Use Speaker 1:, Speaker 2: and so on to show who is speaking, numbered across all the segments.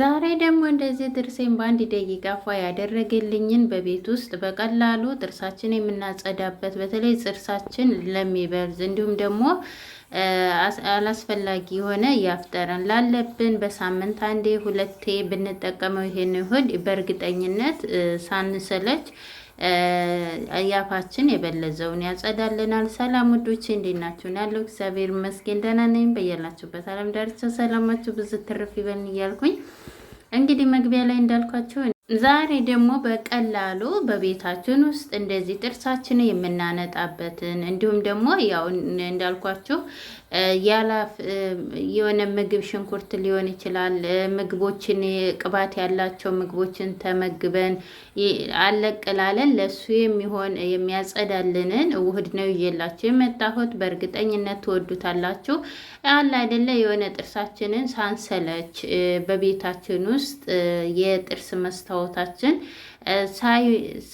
Speaker 1: ዛሬ ደግሞ እንደዚህ ጥርሴን በአንድ ደቂቃ ፏ ያደረገልኝን በቤት ውስጥ በቀላሉ ጥርሳችን የምናጸዳበት በተለይ ጥርሳችን ለሚበርዝ እንዲሁም ደግሞ አላስፈላጊ የሆነ ያፍጠረን ላለብን በሳምንት አንዴ ሁለቴ ብንጠቀመው ይሄን ይሁን በእርግጠኝነት ሳንሰለች ያፋችን የበለዘውን ያጸዳልናል። ሰላም ውዶቼ እንዴት ናችሁ? ያለው እግዚአብሔር ይመስገን ደህና ነኝ። በያላችሁበት አለም ዳርቻ ሰላማችሁ ብዙ ትርፍ ይበልን እያልኩኝ እንግዲህ መግቢያ ላይ እንዳልኳቸው ዛሬ ደግሞ በቀላሉ በቤታችን ውስጥ እንደዚህ ጥርሳችን የምናነጣበትን እንዲሁም ደግሞ ያው እንዳልኳችሁ ያላፍ የሆነ ምግብ ሽንኩርት ሊሆን ይችላል። ምግቦችን ቅባት ያላቸው ምግቦችን ተመግበን አለቅላለን ለሱ የሚሆን የሚያጸዳልንን ውህድ ነው ይዤላችሁ የመጣሁት። በእርግጠኝነት ትወዱታላችሁ። አለ አይደለ የሆነ ጥርሳችንን ሳንሰለች በቤታችን ውስጥ የጥርስ መስታወ ተፈጥሮታችን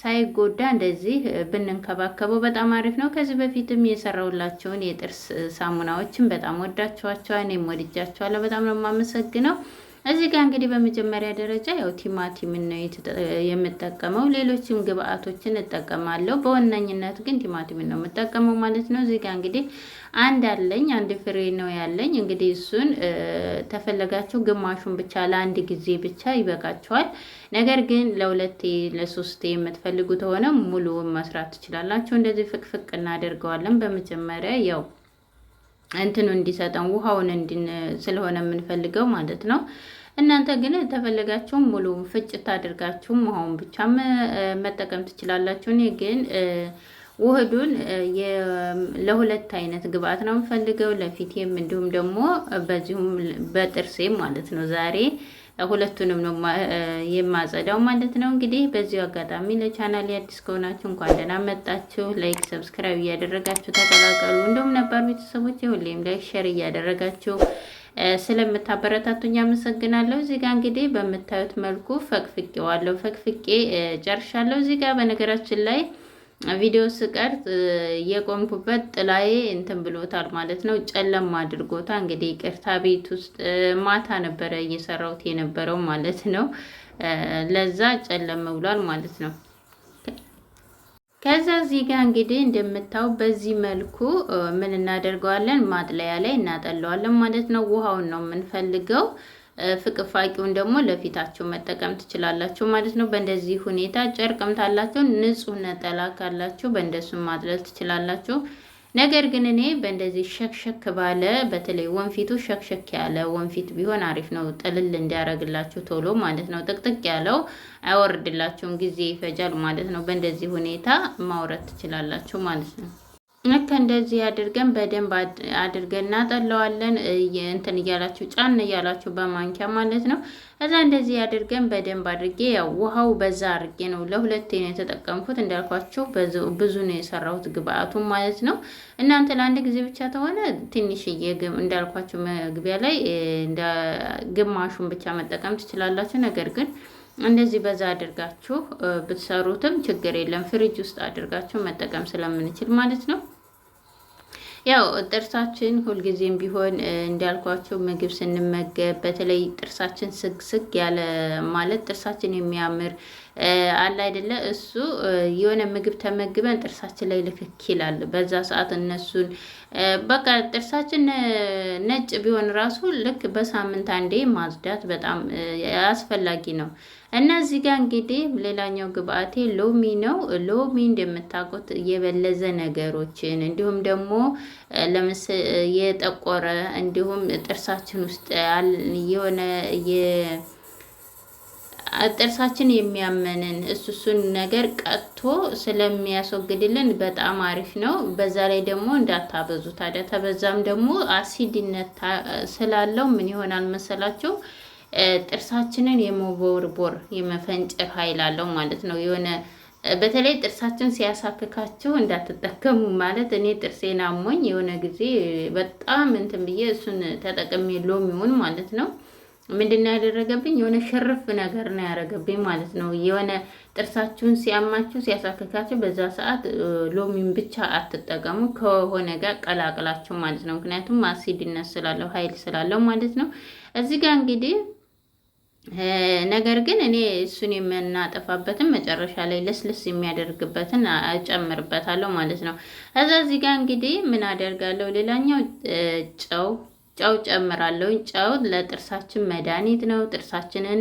Speaker 1: ሳይጎዳ እንደዚህ ብንንከባከበው በጣም አሪፍ ነው። ከዚህ በፊትም የሰራውላቸውን የጥርስ ሳሙናዎችን በጣም ወዳቸዋቸዋል፣ እኔም ወድጃቸዋለሁ። በጣም ነው የማመሰግነው። እዚህ ጋር እንግዲህ በመጀመሪያ ደረጃ ያው ቲማቲምን ነው የምጠቀመው። ሌሎችም ግብአቶችን እጠቀማለሁ። በዋነኝነት ግን ቲማቲምን ነው የምጠቀመው ማለት ነው። እዚህ ጋር እንግዲህ አንድ አለኝ፣ አንድ ፍሬ ነው ያለኝ። እንግዲህ እሱን ተፈለጋችሁ ግማሹን ብቻ ለአንድ ጊዜ ብቻ ይበቃችኋል። ነገር ግን ለሁለቴ ለሶስቴ የምትፈልጉ ተሆነ ሙሉ መስራት ትችላላችሁ። እንደዚህ ፍቅፍቅ እናደርገዋለን በመጀመሪያ ያው እንትኑ እንዲሰጠን ውሃውን እንድን ስለሆነ የምንፈልገው ማለት ነው። እናንተ ግን ተፈለጋችሁም ሙሉ ፍጭት አድርጋችሁ አሁን ብቻ መጠቀም ትችላላችሁ። እኔ ግን ውህዱን ለሁለት አይነት ግብአት ነው የምፈልገው፣ ለፊቴም እንዲሁም ደግሞ በዚሁም በጥርሴም ማለት ነው። ዛሬ ሁለቱንም ነው የማጸዳው ማለት ነው። እንግዲህ በዚሁ አጋጣሚ ለቻናል አዲስ ከሆናችሁ እንኳን ደህና መጣችሁ። ላይክ፣ ሰብስክራይብ እያደረጋችሁ ተቀላቀሉ። እንዲሁም ነባር ቤተሰቦች ሁሌም ላይክ ሸር እያደረጋችሁ ስለምታበረታቱኝ አመሰግናለሁ። እዚህ ጋር እንግዲህ በምታዩት መልኩ ፈቅፍቄዋለሁ። ፈቅፍቄ ጨርሻለሁ። እዚህ ጋር በነገራችን ላይ ቪዲዮ ስቀርጽ የቆምኩበት ጥላዬ እንትን ብሎታል ማለት ነው፣ ጨለማ አድርጎታ። እንግዲህ ቅርታ ቤት ውስጥ ማታ ነበረ እየሰራሁት የነበረው ማለት ነው። ለዛ ጨለም ብሏል ማለት ነው። ከዛ እዚህ ጋር እንግዲህ እንደምታው በዚህ መልኩ ምን እናደርገዋለን? ማጥለያ ላይ እናጠለዋለን ማለት ነው። ውሃውን ነው የምንፈልገው። ፍቅፋቂውን ደግሞ ለፊታችሁ መጠቀም ትችላላችሁ ማለት ነው። በእንደዚህ ሁኔታ ጨርቅም ታላችሁ፣ ንጹህ ነጠላ ካላችሁ በእንደሱም ማጥለል ትችላላችሁ። ነገር ግን እኔ በእንደዚህ ሸክሸክ ባለ በተለይ ወንፊቱ ሸክሸክ ያለ ወንፊት ቢሆን አሪፍ ነው። ጥልል እንዲያደርግላችሁ ቶሎ ማለት ነው። ጥቅጥቅ ያለው አይወርድላችሁም፣ ጊዜ ይፈጃል ማለት ነው። በእንደዚህ ሁኔታ ማውረድ ትችላላችሁ ማለት ነው። ልክ እንደዚህ አድርገን በደንብ አድርገን እናጠለዋለን። እንትን እያላችሁ ጫን እያላችሁ በማንኪያ ማለት ነው። እዛ እንደዚህ አድርገን በደንብ አድርጌ ያው ውሃው በዛ አድርጌ ነው ለሁለቴ ነው የተጠቀምኩት እንዳልኳችሁ፣ ብዙ ነው የሰራሁት ግብአቱ ማለት ነው። እናንተ ለአንድ ጊዜ ብቻ ተሆነ ትንሽዬ እንዳልኳቸው መግቢያ ላይ ግማሹን ብቻ መጠቀም ትችላላችሁ። ነገር ግን እንደዚህ በዛ አድርጋችሁ ብትሰሩትም ችግር የለም። ፍሪጅ ውስጥ አድርጋችሁ መጠቀም ስለምንችል ማለት ነው። ያው ጥርሳችን ሁልጊዜም ቢሆን እንዳልኳቸው ምግብ ስንመገብ በተለይ ጥርሳችን ስግስግ ያለ ማለት ጥርሳችን የሚያምር አለ አይደለ? እሱ የሆነ ምግብ ተመግበን ጥርሳችን ላይ ልክክ ይላል። በዛ ሰዓት እነሱን በቃ ጥርሳችን ነጭ ቢሆን ራሱ ልክ በሳምንት አንዴ ማጽዳት በጣም አስፈላጊ ነው። እና እዚህ ጋር እንግዲህ ሌላኛው ግብአቴ ሎሚ ነው። ሎሚ እንደምታውቁት የበለዘ ነገሮችን እንዲሁም ደግሞ ለምስ የጠቆረ እንዲሁም ጥርሳችን ውስጥ የሆነ ጥርሳችን የሚያመንን እሱ እሱን ነገር ቀጥቶ ስለሚያስወግድልን በጣም አሪፍ ነው። በዛ ላይ ደግሞ እንዳታበዙ ታዲያ ተበዛም ደግሞ አሲድነት ስላለው ምን ይሆናል መሰላችሁ? ጥርሳችንን የመቦርቦር የመፈንጨር ኃይል አለው ማለት ነው። የሆነ በተለይ ጥርሳችን ሲያሳክካችሁ እንዳትጠቀሙ ማለት እኔ ጥርሴን አሞኝ የሆነ ጊዜ በጣም እንትን ብዬ እሱን ተጠቅሜ ሎሚውን ማለት ነው ምንድን ነው ያደረገብኝ? የሆነ ሽርፍ ነገር ነው ያደረገብኝ ማለት ነው። የሆነ ጥርሳችሁን ሲያማችሁ ሲያሳክካችሁ፣ በዛ ሰዓት ሎሚን ብቻ አትጠቀሙ፣ ከሆነ ጋር ቀላቅላችሁ ማለት ነው። ምክንያቱም አሲድነት ስላለው ኃይል ስላለው ማለት ነው። እዚህ ጋር እንግዲህ ነገር ግን እኔ እሱን የምናጠፋበትን መጨረሻ ላይ ለስለስ የሚያደርግበትን እጨምርበታለሁ ማለት ነው። እዛ እዚህ ጋር እንግዲህ ምን አደርጋለሁ? ሌላኛው ጨው ጨው ጨምራለሁኝ ጨው ለጥርሳችን መድኃኒት ነው። ጥርሳችንን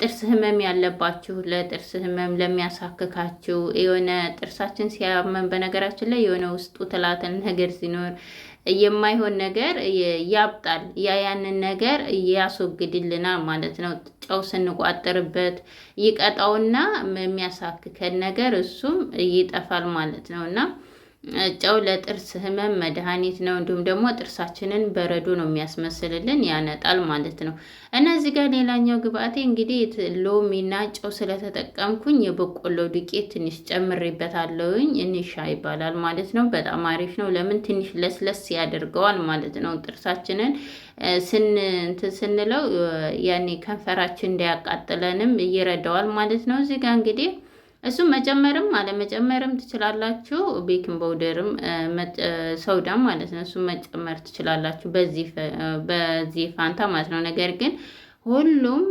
Speaker 1: ጥርስ ህመም ያለባችሁ፣ ለጥርስ ህመም ለሚያሳክካችሁ፣ የሆነ ጥርሳችን ሲያመን በነገራችን ላይ የሆነ ውስጡ ትላትን ነገር ሲኖር የማይሆን ነገር ያብጣል። ያ ያንን ነገር ያስወግድልናል ማለት ነው። ጨው ስንቋጥርበት ይቀጣውና የሚያሳክከን ነገር እሱም ይጠፋል ማለት ነው እና ጨው ለጥርስ ህመም መድኃኒት ነው። እንዲሁም ደግሞ ጥርሳችንን በረዶ ነው የሚያስመስልልን ያነጣል ማለት ነው። እና እዚህ ጋር ሌላኛው ግብአቴ እንግዲህ ሎሚና ጨው ስለተጠቀምኩኝ የበቆሎ ዱቄት ትንሽ ጨምሬበታለሁኝ። እንሻ ይባላል ማለት ነው። በጣም አሪፍ ነው። ለምን ትንሽ ለስለስ ያደርገዋል ማለት ነው። ጥርሳችንን ስንለው ያኔ ከንፈራችን እንዳያቃጥለንም ይረዳዋል ማለት ነው። እዚህ ጋር እንግዲህ እሱም መጨመርም አለመጨመርም ትችላላችሁ። ቤኪንግ ፓውደርም ሰውዳም ማለት ነው። እሱም መጨመር ትችላላችሁ በዚህ ፋንታ ማለት ነው። ነገር ግን ሁሉም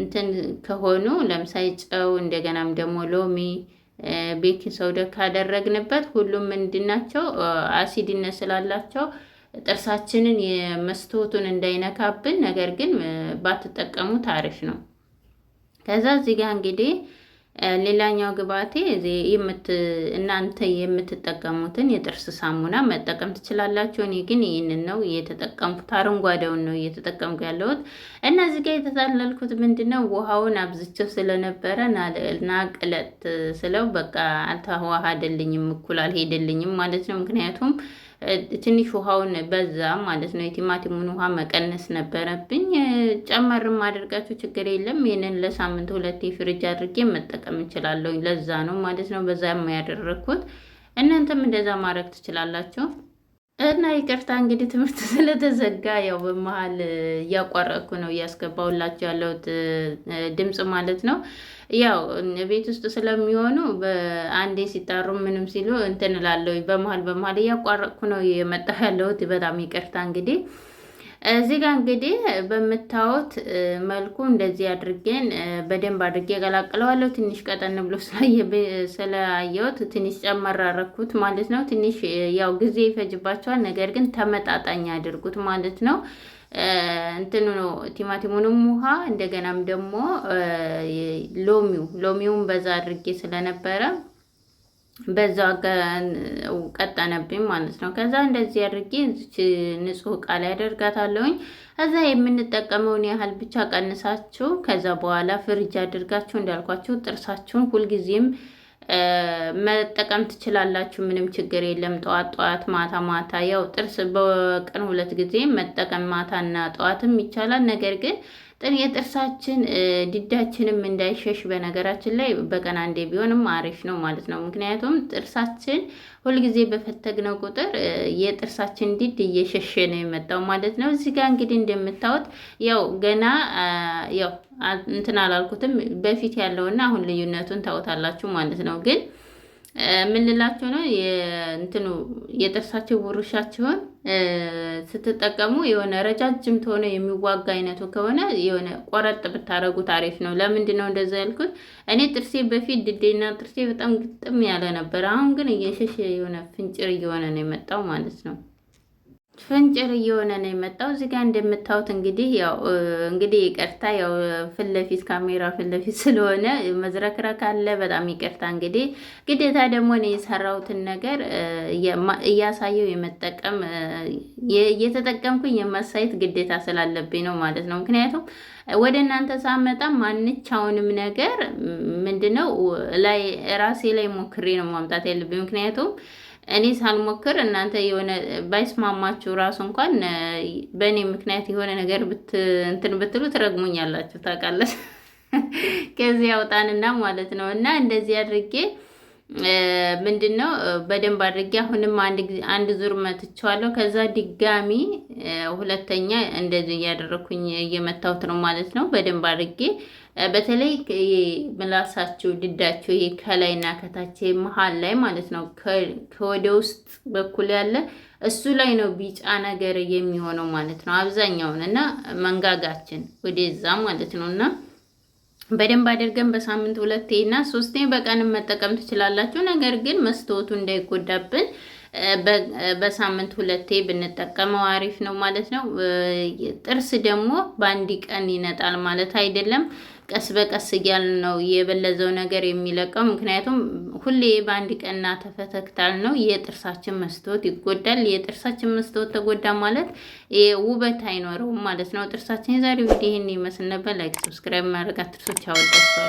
Speaker 1: እንትን ከሆኑ ለምሳሌ ጨው፣ እንደገናም ደግሞ ሎሚ ቤኪንግ ሶዳ ካደረግንበት ሁሉም ምንድናቸው አሲድነት ስላላቸው ጥርሳችንን የመስታወቱን እንዳይነካብን ነገር ግን ባትጠቀሙት አሪፍ ነው። ከዛ እዚህ ጋር እንግዲህ ሌላኛው ግብአቴ እናንተ የምትጠቀሙትን የጥርስ ሳሙና መጠቀም ትችላላችሁ። እኔ ግን ይህንን ነው እየተጠቀምኩት፣ አረንጓዴውን ነው እየተጠቀምኩ ያለሁት እና እዚህ ጋር የተሳለልኩት ምንድን ነው ውሃውን አብዝቸው ስለነበረ ናቅለጥ ስለው በቃ አልተዋሃደልኝም፣ እኩል አልሄደልኝም ማለት ነው ምክንያቱም ትንሽ ውሃውን በዛ ማለት ነው። የቲማቲሙን ውሃ መቀነስ ነበረብኝ። ጨመርም አድርጋችሁ ችግር የለም። ይህንን ለሳምንት ሁለት ፍሪጅ አድርጌ መጠቀም እንችላለሁ። ለዛ ነው ማለት ነው በዛ ያደረግኩት። እናንተም እንደዛ ማድረግ ትችላላችሁ። እና ይቅርታ እንግዲህ ትምህርት ስለተዘጋ ያው በመሀል እያቋረኩ ነው እያስገባውላቸው ያለሁት ድምፅ ማለት ነው። ያው ቤት ውስጥ ስለሚሆኑ በአንዴ ሲጣሩ ምንም ሲሉ እንትን እላለሁ። በመሀል በመሀል እያቋረጥኩ ነው የመጣሁ ያለሁት። በጣም ይቅርታ እንግዲህ እዚህ ጋር እንግዲህ በምታዩት መልኩ እንደዚህ አድርጌን በደንብ አድርጌ እቀላቅለዋለሁ። ትንሽ ቀጠን ብሎ ስለአየሁት ትንሽ ጨመራረኩት ማለት ነው። ትንሽ ያው ጊዜ ይፈጅባቸዋል፣ ነገር ግን ተመጣጣኝ አድርጉት ማለት ነው። እንትኑ ነው ቲማቲሙንም ውሃ እንደገናም ደግሞ ሎሚው ሎሚውን በዛ አድርጌ ስለነበረ በዛ ቀጠነብኝ ማለት ነው። ከዛ እንደዚህ አድርጌ ንጹህ እቃ ላይ አደርጋታለሁኝ። ከዛ የምንጠቀመውን ያህል ብቻ ቀንሳችሁ ከዛ በኋላ ፍሪጅ አድርጋችሁ እንዳልኳችሁ ጥርሳችሁን ሁልጊዜም መጠቀም ትችላላችሁ። ምንም ችግር የለም። ጠዋት ጠዋት፣ ማታ ማታ፣ ያው ጥርስ በቀን ሁለት ጊዜ መጠቀም ማታና ጠዋትም ይቻላል። ነገር ግን የጥርሳችን ድዳችንም እንዳይሸሽ በነገራችን ላይ በቀን አንዴ ቢሆንም አሪፍ ነው ማለት ነው። ምክንያቱም ጥርሳችን ሁልጊዜ በፈተግነው ቁጥር የጥርሳችን ድድ እየሸሸ ነው የመጣው ማለት ነው። እዚህ ጋር እንግዲህ እንደምታዩት ያው ገና ያው እንትን አላልኩትም በፊት ያለውና አሁን ልዩነቱን ታውታላችሁ ማለት ነው ግን የምንላቸው ነው። እንትኑ የጥርሳቸው ብሩሻቸውን ስትጠቀሙ የሆነ ረጃጅም ተሆነ የሚዋጋ አይነቱ ከሆነ የሆነ ቆረጥ ብታረጉት አሪፍ ነው። ለምንድን ነው እንደዛ ያልኩት? እኔ ጥርሴ በፊት ድዴና ጥርሴ በጣም ግጥም ያለ ነበር። አሁን ግን እየሸሸ የሆነ ፍንጭር እየሆነ ነው የመጣው ማለት ነው። ፍንጭር እየሆነ ነው የመጣው። እዚህ ጋር እንደምታዩት እንግዲህ ያው እንግዲህ ይቅርታ ያው ፊት ለፊት ካሜራ ፊት ለፊት ስለሆነ መዝረክረክ አለ። በጣም ይቅርታ እንግዲህ ግዴታ ደግሞ እኔ የሰራሁትን ነገር እያሳየው የመጠቀም እየተጠቀምኩኝ የማሳየት ግዴታ ስላለብኝ ነው ማለት ነው። ምክንያቱም ወደ እናንተ ሳመጣ ማንቻውንም ነገር ምንድነው ላይ ራሴ ላይ ሞክሬ ነው ማምጣት ያለብኝ ምክንያቱም እኔ ሳልሞክር እናንተ የሆነ ባይስማማችሁ ራሱ እንኳን በእኔ ምክንያት የሆነ ነገር እንትን ብትሉ ትረግሙኛላችሁ። ታውቃለች ከዚህ አውጣንና ማለት ነው። እና እንደዚህ አድርጌ ምንድን ነው በደንብ አድርጌ አሁንም አንድ ዙር መትቼዋለሁ። ከዛ ድጋሚ ሁለተኛ እንደዚህ እያደረግኩኝ እየመታሁት ነው ማለት ነው በደንብ አድርጌ በተለይ ምላሳቸው ድዳቸው ከላይና ከታች መሀል ላይ ማለት ነው ከወደ ውስጥ በኩል ያለ እሱ ላይ ነው ቢጫ ነገር የሚሆነው ማለት ነው አብዛኛውን እና መንጋጋችን ወደዛ ማለት ነው እና በደንብ አድርገን በሳምንት ሁለቴ እና ሶስቴ በቀን መጠቀም ትችላላችሁ። ነገር ግን መስታወቱ እንዳይጎዳብን በሳምንት ሁለቴ ብንጠቀመው አሪፍ ነው ማለት ነው። ጥርስ ደግሞ በአንድ ቀን ይነጣል ማለት አይደለም። ቀስ በቀስ እያል ነው የበለዘው ነገር የሚለቀው። ምክንያቱም ሁሌ በአንድ ቀና ተፈተክታል ነው የጥርሳችን መስታወት ይጎዳል። የጥርሳችን መስታወት ተጎዳ ማለት ውበት አይኖረውም ማለት ነው። ጥርሳችን የዛሬው ቪዲዮ ይህን ይመስል ነበር። ላይክ፣ ሰብስክራይብ ማድረግ አትርሶች አወዳቸዋል